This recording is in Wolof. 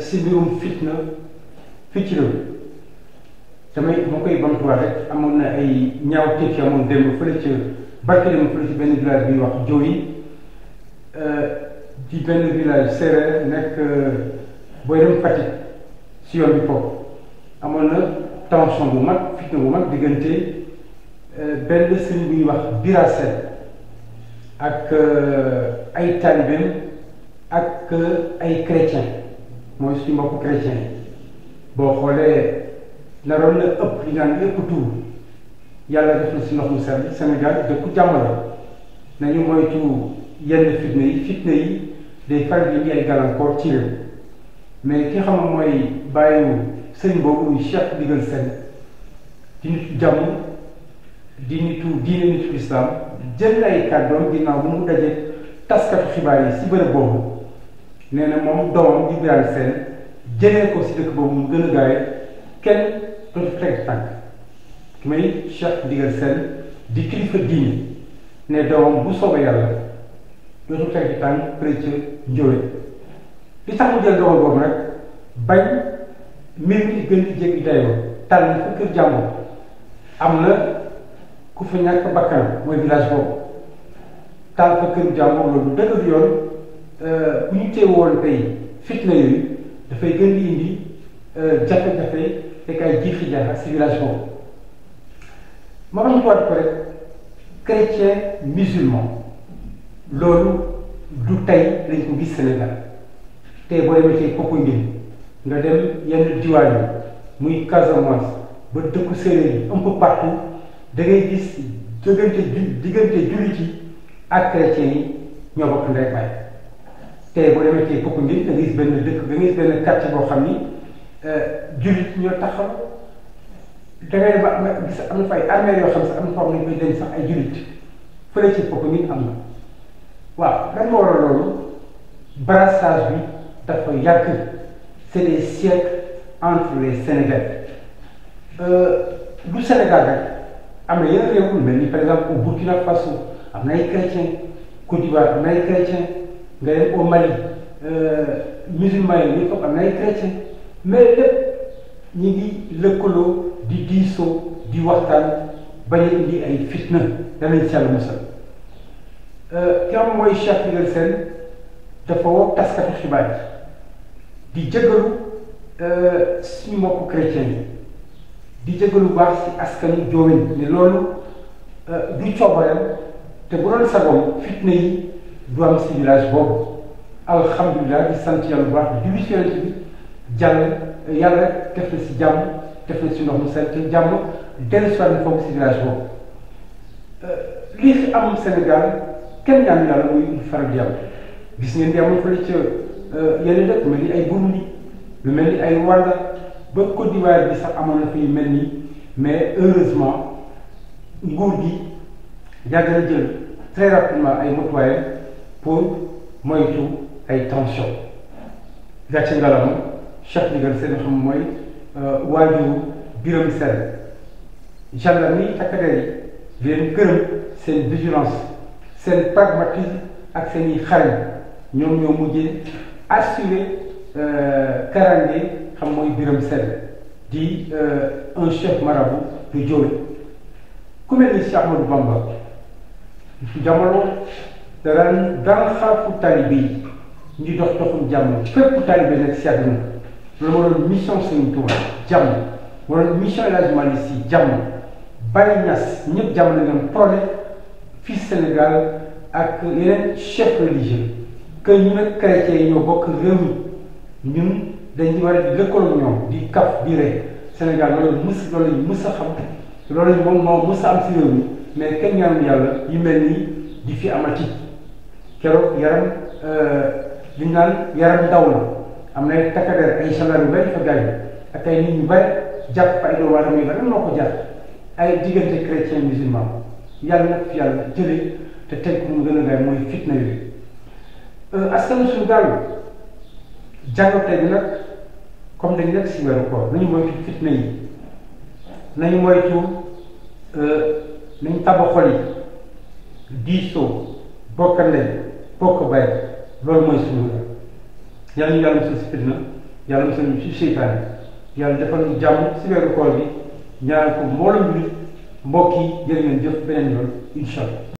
si mbirum fitna fii ci damay ma koy bamtuwaat rek amoon na ay ñaaw teg yi amoon démb fële ca barke démb ci benn village bi wax Diohi euh, di benn village séeréer nekk euh, booy dem Fatick si yoon bi foofu amoon na tension bu mag fitna bu mag diggante euh, benn sëriñ bu ñuy wax Birasel ak ay taalibeem ak ay chrétien mooy suñu mbokku chrétien boo xoolee naroon la ëpp li naan yëpp tuur yàlla def si ndox mu sell Sénégal dëkku jàmm la nañu moytu yenn fitna yi fitna yi day faral di ay gàllankoor ci réew mais ki xam mooy bàyyiwu sëñ boobu muy Cheikh Ndigal Sène di nit jàmm di nitu diine nitu lislaam jël ay kàddoom ginnaaw bu mu daje taskatu xibaar yi si bërëb boobu nee na moom doomam di Birane Sène jëlee ko si dëkk boobu mu gën a gaawee kenn dootu teg tànk ki may Cheikh Ndigal Sène di kilifa diine ne doomam bu soobee yàlla dootu teg tànk prêche njóole li tax mu jël dogal boobu nag bañ mbir mi gën di jéggi dayoo tànn fu kër jàmbur am na ku fa ñàkk bakkan mooy village boobu tànn fa kër jàmbur loolu dëgg yoon. Euh, bu ñu teewoon tey fitna yooyu dafay gën di indi euh, jafe-jafe te kay jiixi jaaxa civilisation boobu. ma rafetluwaat ko rek chrétien musulman loolu du tey lañ ko gis Sénégal te boo demee tey Popenguine nga dem yenn diwaan yi muy Casamance ba dëkku séeréer yi un partout da gis diggante ju diggante jullit yi ak chrétien yi ñoo bokk ndey tey boo demee tey Popenguine da nga gis benn dëkk da nga gis benn quartier boo xam ni euh, jullit ñoo taxaw da ngay ba am na gis am na fa ay armée yoo xam sax am na foo xam ne ñu dem sax ay jullit fële ci Popenguine am na waaw lan moo waral loolu brassage bi dafa yàgg c'est des siècles entre les Sénégalais du euh, Sénégal rek am na yeneen réew yu mel ni par exemple au Burkina Faso am na ay chrétiens Côte d'Ivoire am na ay chrétiens. nga dem au Mali euh, musulman yi ñun foofu am na ay chrétien mais ñu ngi lëkkaloo di diisoo di waxtaan bañ a indi ay fitna danañ si yàlla musal euh, ki am mooy Cheikh Ndiol Sène dafa woo taskati xibaar yi di jëgalu euh, suñu mbokku chrétien yi di jëgalu baax si askanu joowin ne loolu du coobareem te bu doon sagoom fitna yi. du am si village boobu alhamdulilah di sant yàlla bu baax di julli bi jàll yàlla def si jàmm def na si ndox mu sent jàmm dellusiwaat na foofu village boobu euh, lii fi am Sénégal kenn ñaan yàlla muy faral di gis ngeen di amul fële ca euh, yeneen dëkk mel ni ay Burundi lu mel ni ay Rwanda ba Côte d'Ivoire bi sax amoon na fi mel ni mais heureusement nguur gi yàgg na jël très rapidement ay motuwaayam. pour moytu ay tension gàcce ngalama Cheikh Ndigal seen xam mooy euh, waajur biram seen gendarme yi takkadeer leen gërëm seen vigilance seen pragmatisme ak seen i ñoom ñoo mujjee assuré euh, karange xam mooy biram seen di euh, un chef marabout du Diola ku mel ni Cheikh Ahmadou Bamba jamono ren dans xarfu taalibe yi ñu dox doxum jàmm fépp taalibe nekk si àdduna la ma doon mission Sëriñ Tuuba jàmm wala mission El Hadji Malick Sy jàmm Baye Niass ñëpp jàmm la ngeen prôné fii Sénégal ak yeneen chef religieux que ñu nag chrétiens yi ñoo bokk réew mi ñun dañuy war a lëkkaloo ñoom di kaf di rey Sénégal loolu mës loolu lañu mës a xam loolu moom a am si réew mi mais kenn ñaanu yàlla yu mel nii di fi amati. keroog yaram euh, li ñu naan yaram daw na am na ay takkadeer ay gendarme yu bëri fa gaañ ak ay nit ñu bëri jàpp ay doomu aadama yu bëri moo ko jàpp ay diggante chrétien musulman yàlla na fi yàlla jëlee te teg ko mu gën a gaay mooy fitna yooyu euh, askan suñu gaaw jàngate bi nag si weeru koor nañu moytu fitna yi koo ko bàyyi loolu mooy suñu la yàlla ñu yàlla musal si fitna yàlla musal ñu si seytaane yàlla defal ñu jàmm si weeru koor bi ñaan ko mbooloo mbir mbokk yi jërë